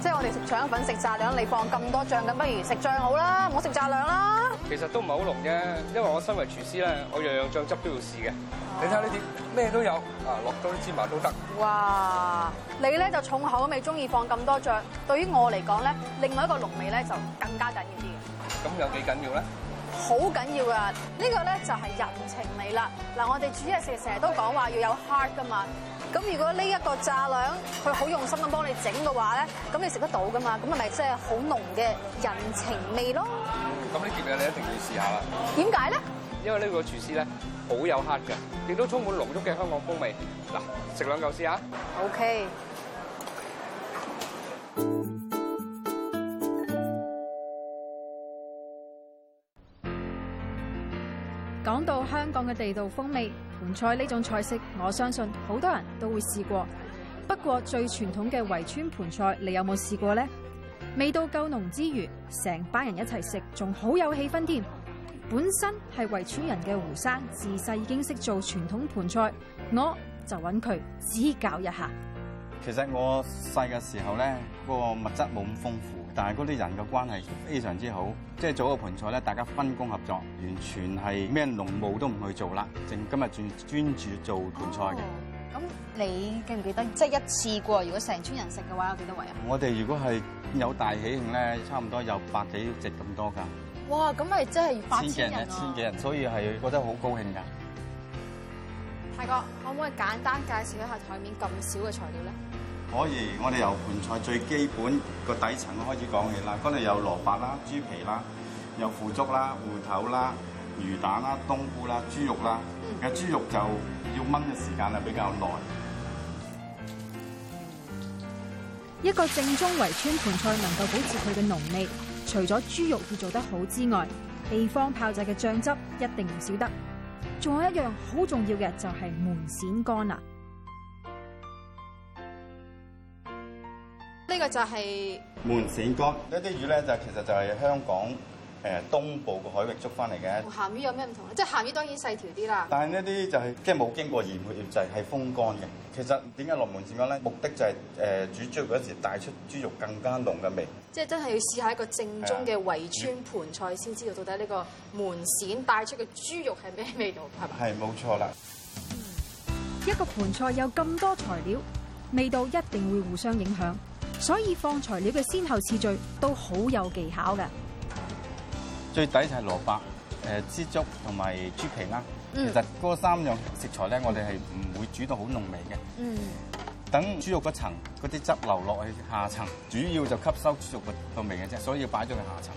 即係我哋食腸粉食炸兩，你放咁多醬咁，不如食醬好啦，我食炸兩啦。其實都唔係好濃啫，因為我身為廚師咧，我樣樣醬汁都要試嘅。你睇下呢啲咩都有啊，落多啲芝麻都得。哇！你咧就重口味，中意放咁多醬。對於我嚟講咧，另外一個濃味咧就更加緊要啲嘅。咁有幾緊要咧？好緊要㗎！呢個咧就係人情味啦。嗱，我哋煮嘢食成日都講話要有 heart 噶嘛。咁如果呢一個炸兩，佢好用心咁幫你整嘅話咧，咁你食得到噶嘛？咁咪即係好濃嘅人情味咯。咁呢見嘢你一定要試下啦。點解咧？因為呢個廚師咧好有客 e 嘅，亦都充滿濃郁嘅香港風味。嗱，食兩嚿試下 OK。講到香港嘅地道風味盤菜呢種菜式，我相信好多人都會試過。不過最傳統嘅圍村盤菜，你有冇試過咧？味道夠濃之餘，成班人一齊食仲好有氣氛添。本身係圍村人嘅胡生，自細已經識做傳統盤菜，我就揾佢指教一下。其實我細嘅時候咧，嗰個物質冇咁豐富。但係嗰啲人嘅關係非常之好，即係做個盤菜咧，大家分工合作，完全係咩農務都唔去做啦，淨今日專專注做盤菜嘅。咁、哦、你記唔記得即係一次過，如果成村人食嘅話，有幾多位啊？我哋如果係有大喜慶咧，差唔多有百幾席咁多㗎。哇！咁咪真係八千人，啊，千幾人，人，所以係覺得好高興㗎。泰哥，可唔可以簡單介紹一下枱面咁少嘅材料咧？可以，我哋由盤菜最基本個底層開始講起啦。嗰度有蘿蔔啦、豬皮啦、有腐竹啦、芋頭啦、魚蛋啦、冬菇啦、豬肉啦。嘅豬肉就要炆嘅時間係比較耐。一個正宗圍村盤菜能夠保持佢嘅濃味，除咗豬肉要做得好之外，地方炮製嘅醬汁一定唔少得。仲有一樣好重要嘅就係門鱔乾啦。呢個就係、是、門鱔乾，這些呢啲魚咧就其實就係香港誒、呃、東部個海域捉翻嚟嘅鹹魚有咩唔同咧？即係鹹魚當然細條啲啦。但係呢啲就係即係冇經過鹽醃製，係風乾嘅。其實點解落門鱔乾咧？目的就係、是、誒、呃、煮豬肉嗰陣時帶出豬肉更加濃嘅味。即係真係要試一下一個正宗嘅圍村盤、啊、菜先知道到底呢個門鱔帶出嘅豬肉係咩味道，係嘛？係冇錯啦。嗯、一個盤菜有咁多材料，味道一定會互相影響。所以放材料嘅先後次序都好有技巧嘅，嗯。最底就係蘿蔔、誒枝竹同埋豬皮啦。其實嗰三樣食材咧，我哋係唔會煮到好濃味嘅。等豬肉嗰層嗰啲汁流落去下層，主要就吸收豬肉嘅濃味嘅啫。所以要擺咗去下層。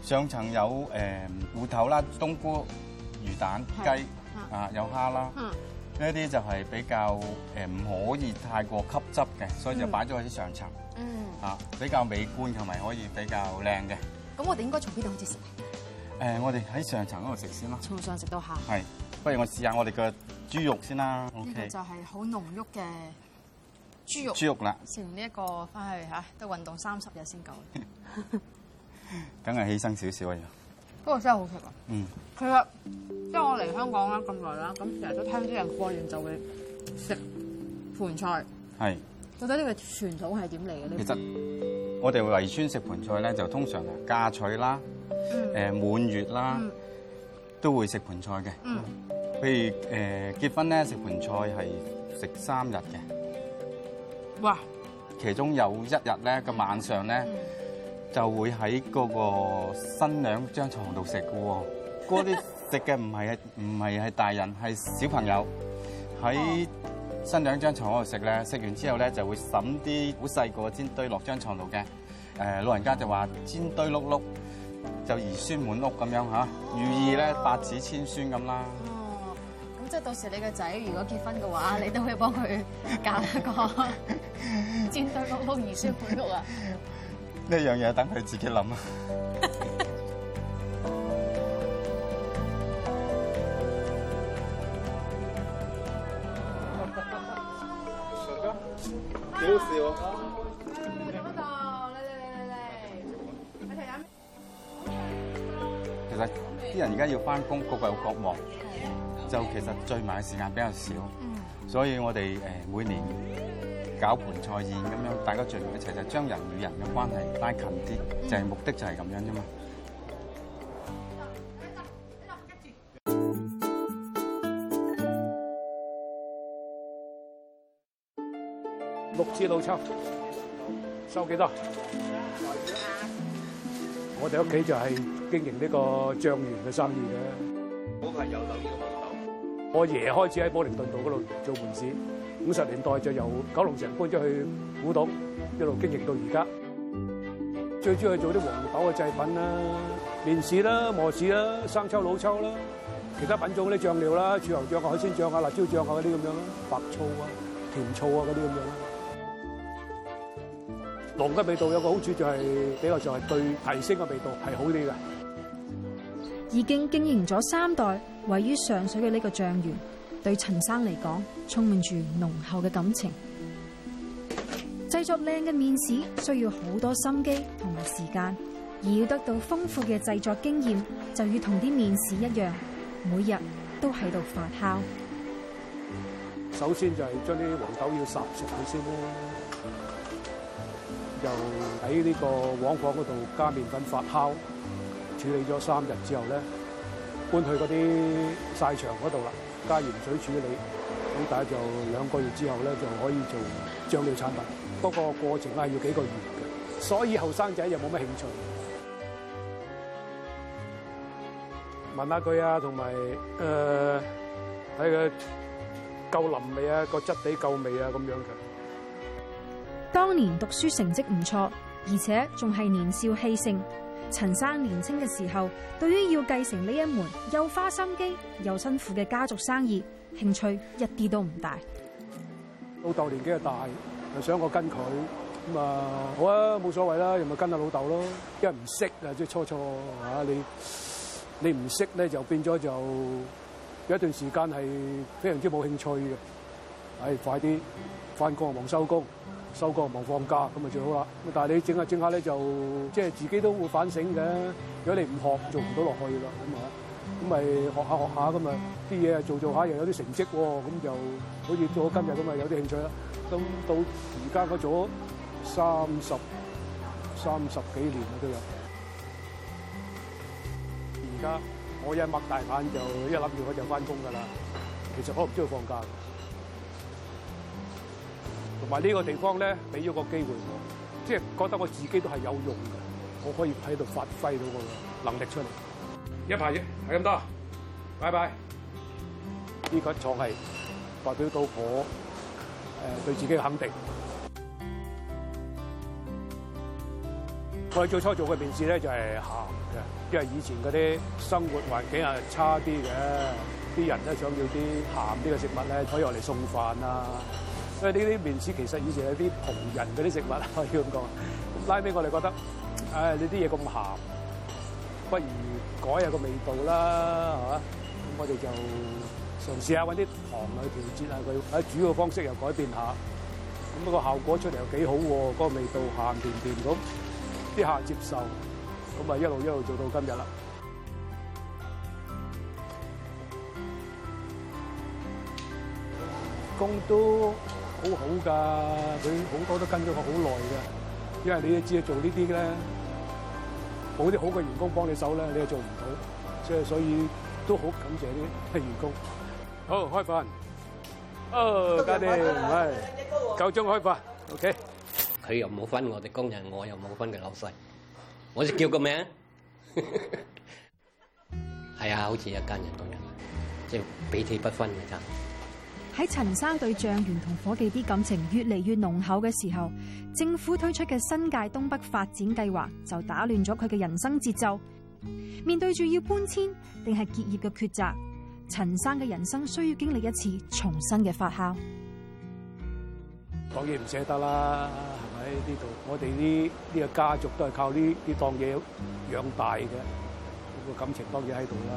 上層有誒芋頭啦、冬菇、魚蛋、雞啊，有蝦蝦啦。吓。呢啲就係比較誒唔、呃、可以太過吸汁嘅，所以就擺咗喺上層。嗯、啊，嚇比較美觀同埋可以比較靚嘅。咁我哋應該從邊度開始食啊、呃？我哋喺上層嗰度食先啦。從上食到下。係，不如我試下我哋嘅豬肉先啦。呢個就係好濃郁嘅豬肉。豬肉啦。食完呢一個返去吓、啊，都運動三十日先夠的。梗係犧牲少少㗎啦。不過真係好食啊！嗯、其實即係我嚟香港咧咁耐啦，咁成日都聽啲人過完就會食盤菜。係是，到底呢個傳統係點嚟嘅咧？其實我哋圍村食盤菜咧，就通常係嫁娶啦、誒、嗯呃、滿月啦，嗯、都會食盤菜嘅。嗯。譬如誒、呃、結婚咧，食盤菜係食三日嘅。哇！其中有一日咧，個晚上咧。嗯就會喺嗰個新娘張床度食嘅喎，嗰啲食嘅唔係唔係係大人，係小朋友喺新娘張床嗰度食咧，食完之後咧就會揾啲好細個煎堆落張床度嘅，誒老人家就話煎堆碌碌就兒孫滿屋咁樣嚇，寓意咧百子千孫咁啦。哦，咁即係到時你個仔如果結婚嘅話，你都可以幫佢揀一個煎堆碌碌兒孫滿屋啊！呢樣嘢等佢自己諗啊。有事喎！冇咁嚟嚟嚟嚟嚟！其實啲人而家要翻工，各為各忙，就其實聚埋嘅時間比較少，所以我哋每年，搞盤菜宴咁樣，大家聚埋一齊就將人與人嘅關係拉近啲，就係、是、目的就係咁樣啫嘛。嗯嗯嗯嗯嗯、六支老抽收幾多？嗯多啊、我哋屋企就係經營呢個醬園嘅生意嘅。我係有樓呢我爺開始喺寶靈頓道嗰度做門市。五十年代就由九龍城搬咗去古洞，一路經營到而家。最主要係做啲黃豆嘅製品啦，麵豉啦、磨豉啦、生抽、老抽啦，其他品種啲醬料啦，柱侯醬啊、海鮮醬啊、辣椒醬啊嗰啲咁樣啦，白醋啊、甜醋啊嗰啲咁樣啦。濃嘅味道有個好處就係比較就係、是、對提升嘅味道係好啲嘅。已經經營咗三代，位於上水嘅呢個醬園。對陳生嚟講，充滿住濃厚嘅感情。製作靚嘅麵豉需要好多心機同埋時間，而要得到豐富嘅製作經驗，就要同啲麵豉一樣，每日都喺度發酵、嗯嗯。首先就係將啲黃豆要烚熟佢先啦，又喺呢個旺房嗰度加麵粉發酵，處理咗三日之後咧，搬去嗰啲曬場嗰度啦。加鹽水處理，咁但就兩個月之後咧就可以做醬料產品。不過過程咧係要幾個月嘅，所以後生仔又冇乜興趣。問下佢啊，同埋誒睇佢夠腍未啊，個質地夠味啊咁樣嘅。當年讀書成績唔錯，而且仲係年少氣盛。陳生年青嘅時候，對於要繼承呢一門又花心機又辛苦嘅家族生意，興趣一啲都唔大。老豆年紀又大，又想我跟佢，咁、嗯、啊好啊，冇所謂啦，又咪跟阿老豆咯。因為唔識啊，即係初初啊，你你唔識咧，就變咗就有一段時間係非常之冇興趣嘅。唉、哎，快啲返工忙收工。收工唔好放假咁咪最好啦。咁但係你整下整下咧，就即係、就是、自己都會反省嘅。如果你唔學，做唔到落去啦。咁啊，咁咪學下學下咁啊，啲嘢做做下又有啲成績喎。咁就好似做咗今日咁啊，有啲興趣啦。咁到而家我做咗三十三十幾年啦都有。而家我一擘大眼就一諗住我就翻工噶啦。其實我唔中意放假。同埋呢個地方咧，俾咗個機會我，即係覺得我自己都係有用嘅，我可以喺度發揮到個能力出嚟。一排一，係咁多。拜拜。呢個廠係代表到我對自己嘅肯定。我哋最初做嘅麵豉咧，就係鹹嘅，因為以前嗰啲生活環境係差啲嘅，啲人呢，想要啲鹹啲嘅食物咧，可以攞嚟餸飯啊。所以呢啲麵豉其實以前係啲窮人嗰啲食物，可以咁講。拉俾我哋覺得，唉，呢啲嘢咁鹹，不如改下個味道啦，係嘛？咁我哋就嘗試下揾啲糖去調節下佢，喺主要方式又改變下。咁嗰個效果出嚟又幾好喎，嗰個味道鹹甜甜咁，啲客接受，咁啊一路一路做到今日啦。咁都。好好噶，佢好多都跟咗我好耐嘅，因為你都知道做呢啲嘅咧，冇啲好嘅員工幫你手咧，你又做唔到，即係所以都好感謝啲員工。好，開飯，啊家丁，唔係夠鐘開飯，OK。佢又冇分我哋工人，我又冇分佢老細，我就叫個名，係 啊，好似一家人咁樣，即係彼此不分嘅咋。喺陳生對象員同伙計啲感情越嚟越濃厚嘅時候，政府推出嘅新界東北發展計劃就打亂咗佢嘅人生節奏。面對住要搬遷定係結業嘅抉擇，陳生嘅人生需要經歷一次重新嘅發酵。當然唔捨得啦，係咪呢度？我哋呢呢個家族都係靠呢呢檔嘢養大嘅，個感情當然喺度啦。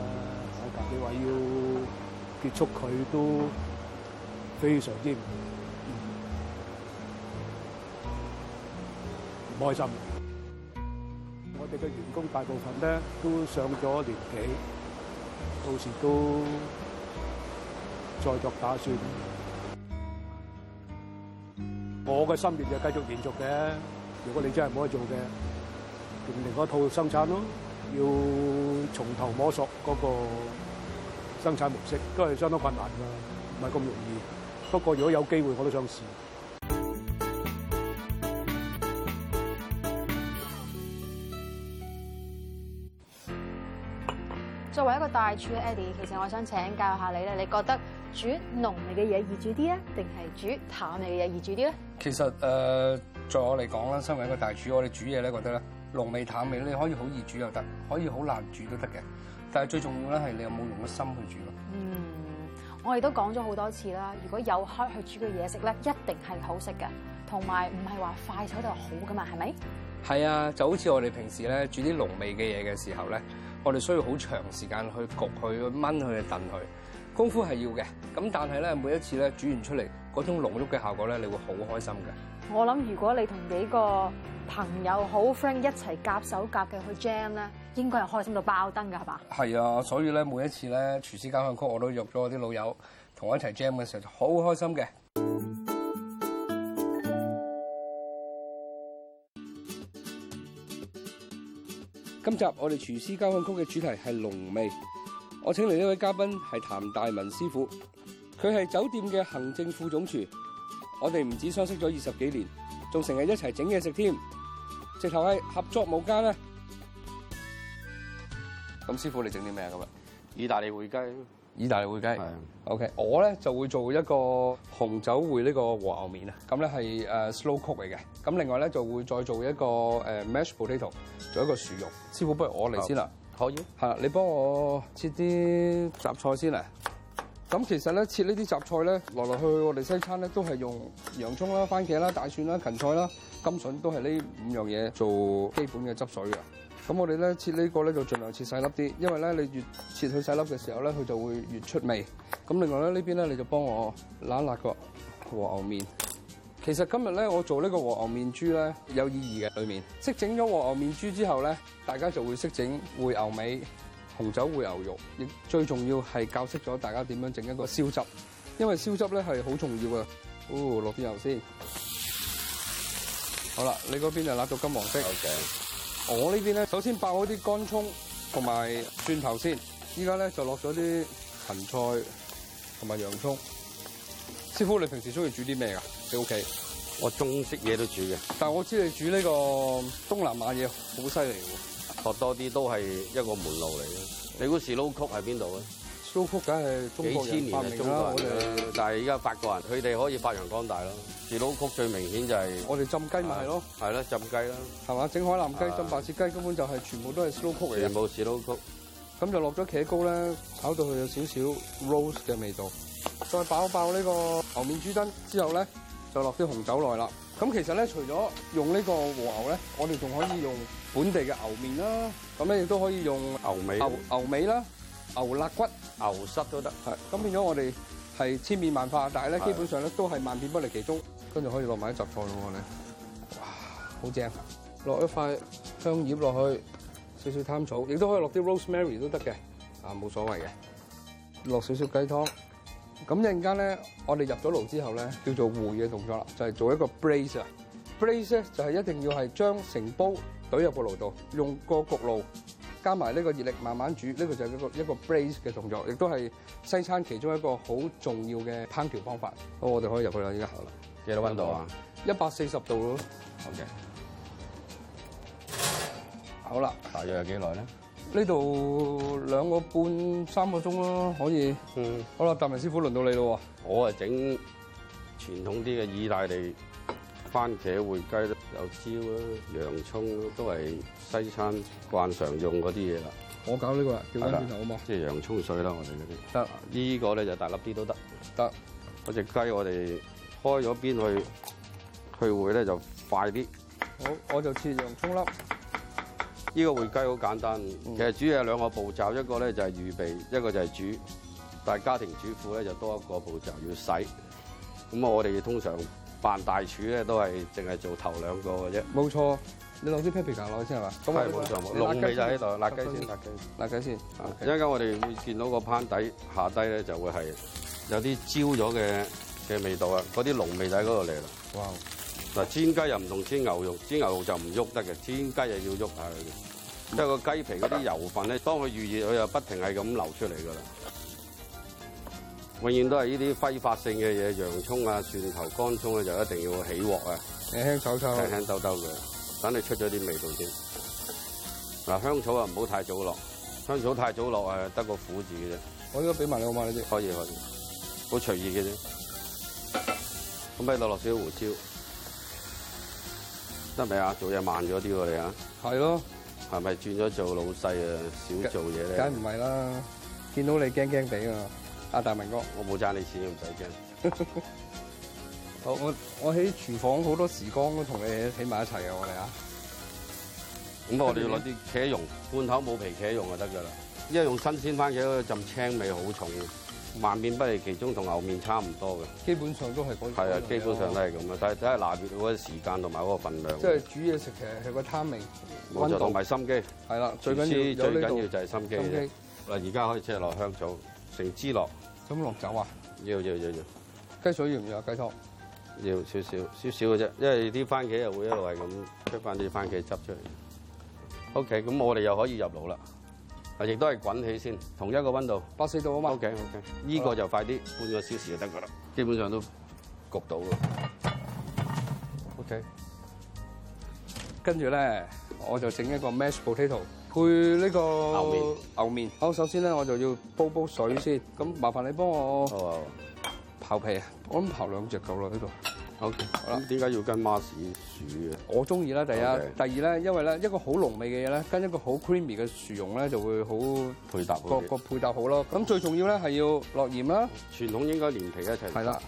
我話你話要結束佢都。非常之唔開心。我哋嘅員工大部分咧都上咗年紀，到時都再作打算。我嘅心願就繼續延續嘅。如果你真係冇得做嘅，用另外一套生產咯，要從頭摸索嗰個生產模式，都係相當困難㗎，唔係咁容易。不過，如果有機會，我都想試。作為一個大廚嘅 Eddie，其實我想請教下你咧，你覺得煮濃味嘅嘢易煮啲咧，定係煮淡味嘅嘢易煮啲咧？其實誒，在、呃、我嚟講啦，身為一個大廚，我哋煮嘢咧，覺得咧，濃味、淡味，你可以好易煮又得，可以好難煮都得嘅。但係最重要咧，係你有冇用個心去煮咯。嗯。我哋都講咗好多次啦，如果有開去煮嘅嘢食咧，一定係好食嘅，同埋唔係話快手就好噶嘛，係咪？係啊，就好似我哋平時咧煮啲濃味嘅嘢嘅時候咧，我哋需要好長時間去焗、去燜、去燉、去功夫係要嘅。咁但係咧，每一次咧煮完出嚟嗰種濃郁嘅效果咧，你會好開心嘅。我諗如果你同幾個朋友好 friend 一齊夾手夾腳去 jam 咧。應該係開心到爆燈㗎，係嘛？係啊，所以咧，每一次咧，廚師交響曲我都約咗我啲老友同我一齊 jam 嘅時候，就好開心嘅。今集我哋廚師交響曲嘅主題係濃味。我請嚟呢位嘉賓係譚大文師傅，佢係酒店嘅行政副總廚。我哋唔止相識咗二十幾年，仲成日一齊整嘢食添，直頭係合作無間咧。咁師傅你整啲咩咁啊？意大利燴雞，意大利燴雞。的 O.K. 我咧就會做一個紅酒燴呢個和牛麵啊。咁咧係 slow cook 嚟嘅。咁另外咧就會再做一個 mashed potato，做一個薯肉。師傅不如我嚟先啦。可以好。係啦，你幫我切啲雜菜先嚟。咁其實咧切呢啲雜菜咧，來來去去我哋西餐咧都係用洋葱啦、番茄啦、大蒜啦、芹菜啦、甘筍都係呢五樣嘢做基本嘅汁水嘅。咁我哋咧切呢個咧就儘量切細粒啲，因為咧你越切佢細粒嘅時候咧，佢就會越出味。咁另外咧呢邊咧你就幫我揦一揦個和牛面。其實今日咧我做呢個和牛面珠咧有意義嘅，裏面識整咗和牛面珠之後咧，大家就會識整燴牛尾、紅酒燴牛肉，亦最重要係教識咗大家點樣整一個燒汁，因為燒汁咧係好重要嘅。哦，落啲油先。好啦，你嗰邊就揦到金黃色。Okay. 我邊呢邊咧，首先爆嗰啲乾葱同埋蒜頭先，依家咧就落咗啲芹菜同埋洋葱。師傅，你平時中意煮啲咩噶？喺屋企，我中式嘢都煮嘅。但我知道你煮呢個東南亞嘢好犀利喎。學多啲都係一個門路嚟嘅。你嗰時撈曲喺邊度啊？Slow cook 梗係中國人幾千年發明啦，但係依家法國人，佢哋可以發揚光大咯。Slow cook 最明顯就係我哋浸雞咪係咯，係咯浸雞啦，係嘛？整海南雞、浸白切雞根本就係全部都係 Slow cook 嚟嘅。全部 Slow cook，咁就落咗茄膏咧，炒到佢有少少 rose 嘅味道，再爆一爆呢個牛面豬筋之後咧，就落啲紅酒來啦。咁其實咧，除咗用呢個和牛咧，我哋仲可以用本地嘅牛面啦。咁咧亦都可以用牛尾，牛牛尾啦。牛肋骨、牛膝都得，係咁變咗我哋係千變萬化，但係咧基本上咧都係萬變不離其中，跟住可以落埋啲雜菜咯喎，你，哇，好正，落一塊香葉落去，少少貪草，亦都可以落啲 rosemary 都得嘅，啊，冇所謂嘅，落少少雞湯，咁一陣間咧，我哋入咗爐之後咧，叫做回嘅動作啦，就係做一個 braise，braise 就係一定要係將成煲懟入個爐度，用個焗爐。加埋呢個熱力慢慢煮，呢、呢個就係一個一個 braise 嘅動作，亦都係西餐其中一個好重要嘅烹調方法。好，我哋可以入去啦，依家好啦。幾多温度啊？一百四十度咯。Okay. 好嘅了。好啦，大約有幾耐咧？呢度兩個半三個鐘咯，可以。嗯。好啦，達明師傅輪到你咯。我啊整傳統啲嘅意大利。番茄、回雞啦，有椒啦，洋葱都係西餐慣常用嗰啲嘢啦。我搞、啊、呢個，叫咩名頭好冇？即係洋葱水啦，我哋嗰啲得。呢個咧就大粒啲都得，得、啊。嗰隻雞我哋開咗邊去去回咧就快啲。好，我就切洋葱粒。呢個回雞好簡單，嗯、其實主要係兩個步驟，一個咧就係、是、預備，一個就係煮。但係家庭主婦咧就多一個步驟要洗。咁啊，我哋通常。扮大廚咧都係淨係做頭兩個嘅啫，冇錯。你攞啲 paper 落去先係嘛？係冇錯，辣雞就喺度，辣雞先，辣雞，辣雞先。一陣間我哋會見到個攀底下低咧就會係有啲焦咗嘅嘅味道啊，嗰啲濃味就喺嗰度嚟啦。哇！嗱，煎雞又唔同煎牛肉，煎牛肉就唔喐得嘅，煎雞又要喐下佢嘅，嗯、因為個雞皮嗰啲油份咧，嗯、當佢預熱，佢又不停係咁流出嚟㗎啦。永遠都係呢啲揮發性嘅嘢，洋葱啊、蒜頭、乾葱咧，就一定要起鑊啊，輕輕炒炒，輕輕兜兜嘅，等嗎你出咗啲味道先。嗱，香草啊，唔好太早落，香草太早落啊，得個苦字嘅啫。我應該俾埋你，好嘛，你先。可以可以，好隨意嘅啫。咁喺落落少胡椒得未啊？做嘢慢咗啲喎，你啊。係咯的，係咪轉咗做老細啊？少做嘢咧。梗唔係啦，見到你驚驚地啊！阿、啊、大明哥，我冇爭你錢，唔使驚。 好，我我喺廚房好多時光都同你喺埋一齊啊。我哋啊。咁、嗯、我哋要攞啲茄蓉，罐頭冇皮茄蓉就得㗎啦。因為用新鮮番茄的，浸青味好重嘅。萬面不離其中，同牛麵差唔多嘅。基本上都係嗰樣。係啊，基本上都係咁啊，睇睇下拿捏嗰個時間同埋嗰個份量。即係煮嘢食其實係個貪味，同埋心機。係啦、啊，最緊要師這最緊要就係心機啫。嗱機，而家可以即係落香草。芝落，咁落酒啊？要要要要。雞水要唔要啊？雞湯？要少少少少嘅啫，因為啲番茄又會一路係咁出返啲番茄汁出嚟。O K，咁我哋又可以入爐啦。啊，亦都係滾起先，同一個温度，八十度啊嘛。O K O K，呢個就快啲，了半個小時就得噶啦，基本上都焗到啦。O K，跟住咧，我就整一個 mashed potato。配呢個牛面。好，首先咧我就要煲煲水先。咁，麻煩你幫我刨皮啊。我諗刨兩隻夠啦，呢度。Okay, 好，好啦。點解要跟馬屎薯嘅？我中意啦，第一，Okay. 第二咧，因為咧一個好濃味嘅嘢咧，跟一個好 creamy 嘅薯蓉咧就會好配，配，配搭好。個配搭好咯。咁最重要咧係要落鹽啦。傳統應該連皮一齊煮。係啦。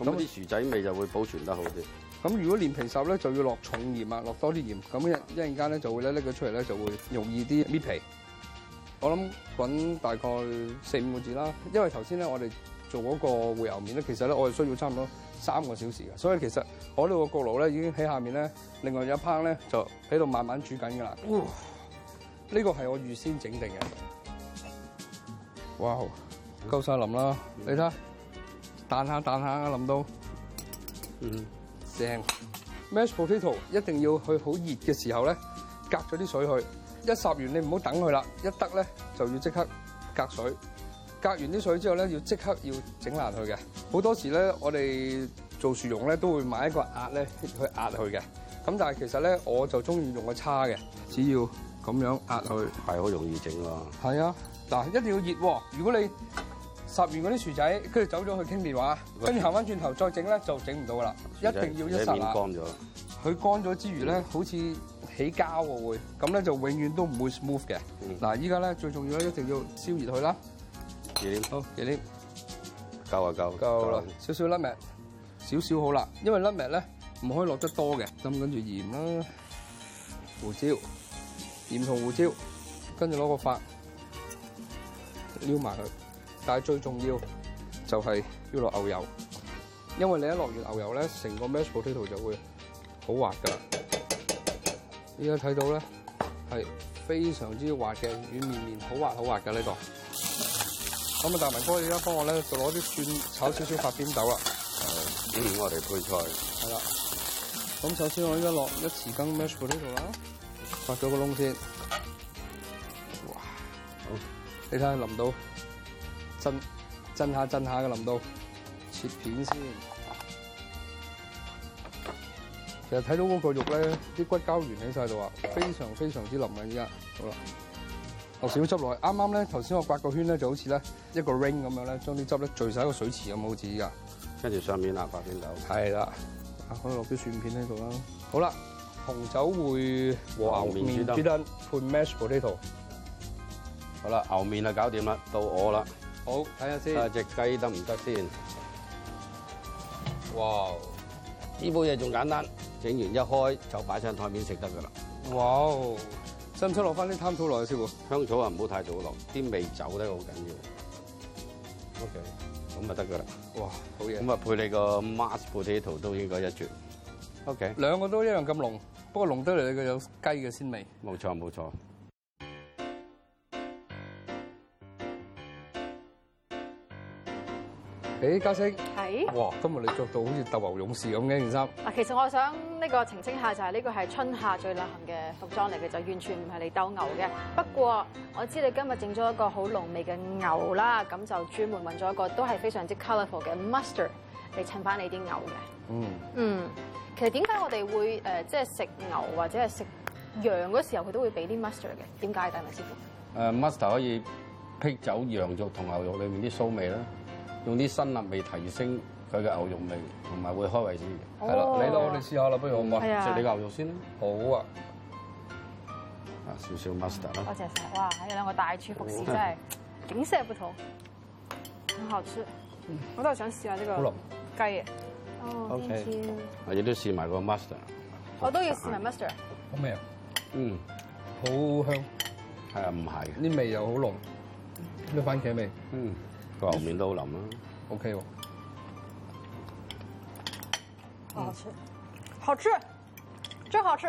咁啲薯仔味就會保存得好啲。咁如果連皮烚咧，就要落重鹽啊，落多啲鹽。咁一一陣間咧，就會拎咧佢出嚟咧，就會容易啲搣皮。我諗滾大概四五個字啦，因為頭先咧，我哋做嗰個回油面咧，其實咧，我哋需要差唔多三個小時嘅。所以其實我呢個焗爐咧，已經喺下面咧，另外有一 part 咧就喺度慢慢煮緊㗎啦。哇、呃！呢、呢個係我預先整定嘅。哇！好夠晒腍啦，你睇彈下彈下啊，淋到嗯。正，mash potato 一定要去好熱嘅時候咧，隔咗啲水去，一烚完你唔好等佢啦，一得咧就要即刻隔水，隔完啲水之後咧要即刻要整爛佢嘅。好多時咧我哋做薯蓉咧都會買一個壓咧去壓佢嘅，咁但係其實咧我就中意用個叉嘅，只要咁樣壓佢係好容易整咯。係啊，嗱一定要熱，如果你。撿完嗰啲薯仔，跟住走咗去傾電話，跟住行翻轉頭再整咧就整唔到噶啦，一定要一撿。乾咗啦，佢乾咗之餘咧，好似起膠喎會，咁咧就永遠都唔會 smooth 嘅。嗱，依家咧最重要咧，一定要燒熱佢啦。熱啲，好，熱啲，夠啊夠夠啦，少少粒味，少少好啦，因為粒味咧唔可以落得多嘅。咁跟住鹽啦，胡椒，鹽同胡椒，跟住攞個發撩埋佢。但係最重要就係要落牛油，因為你一落完牛油咧，成個 mash potato 就會好滑噶。依家睇到咧，係非常之滑嘅，軟綿綿，好滑好滑噶呢個。咁啊，大文哥，而家幫我咧就攞啲蒜炒少少發邊豆啊、嗯。嗯，我哋配菜。係啦。咁首先我依家落一匙羹 mash potato 啦，挖咗個窿先。哇，你睇下，腍到。震震下震下嘅淋到，切片先。其實睇到嗰個肉咧，啲骨膠原喺晒度啊，非常非常之腍啊！依家好啦，落少汁落去。啱啱咧，頭先我刮個圈咧，就好似咧一個 ring 咁樣咧，將啲汁咧聚晒一個水池咁好似依家。跟住上面啊，擺片酒。係啦，啊可以落啲蒜片喺度啦。好啦，紅酒會和、哦、牛面煮得。配 mashed potato。好啦，牛面啊，搞掂啦，到我啦。好，睇下先看看可可。啊，隻雞得唔得先？哇！呢煲嘢仲簡單，整完一開就擺上台面食得噶啦。哇哦 Wow.、嗯，使唔使落翻啲貪草落去先？香草啊，唔好太早落，啲味走得好緊要。O K，咁就得噶啦。哇，好嘢。咁啊，配你個 mashed potato 都應該一絕。O K。兩個都一樣咁濃，不過濃得嚟佢有雞嘅鮮味。冇錯，冇錯。誒，嘉星，係。哇，今日你着到好似鬥牛勇士咁嘅件衫。嗱，其實我想呢個澄清下，就係呢個係春夏最流行嘅服裝嚟嘅，就完全唔係嚟鬥牛嘅。不過，我知你今日整咗一個好濃味嘅牛啦，咁就專門揾咗一個都係非常之 colourful 嘅 mustard 嚟襯翻你啲牛嘅。嗯。嗯。其實點解我哋會誒，即係食牛或者係食羊嗰時候，佢都會俾啲 mustard 嘅？點解，戴文師傅？誒，mustard 可以辟走羊肉同牛肉裡面啲臊味啦。用啲辛辣味提升佢嘅牛肉味，同埋會開胃啲嘅，係咯，你咯，我哋試下啦，不如我唔食你個牛肉先，好啊，啊少少 mustard 啦，多謝晒哇，有兩個大廚服侍真係景色不同，很好吃，我都想試下呢個雞翼，哦，ok，我亦都試埋個 mustard 我都要試埋 mustard 好味，啊，嗯，好香，係啊，唔係，啲味又好濃，啲番茄味，嗯。個後面都好淋啦，OK 哦，嗯、好，好吃，好吃，真好吃。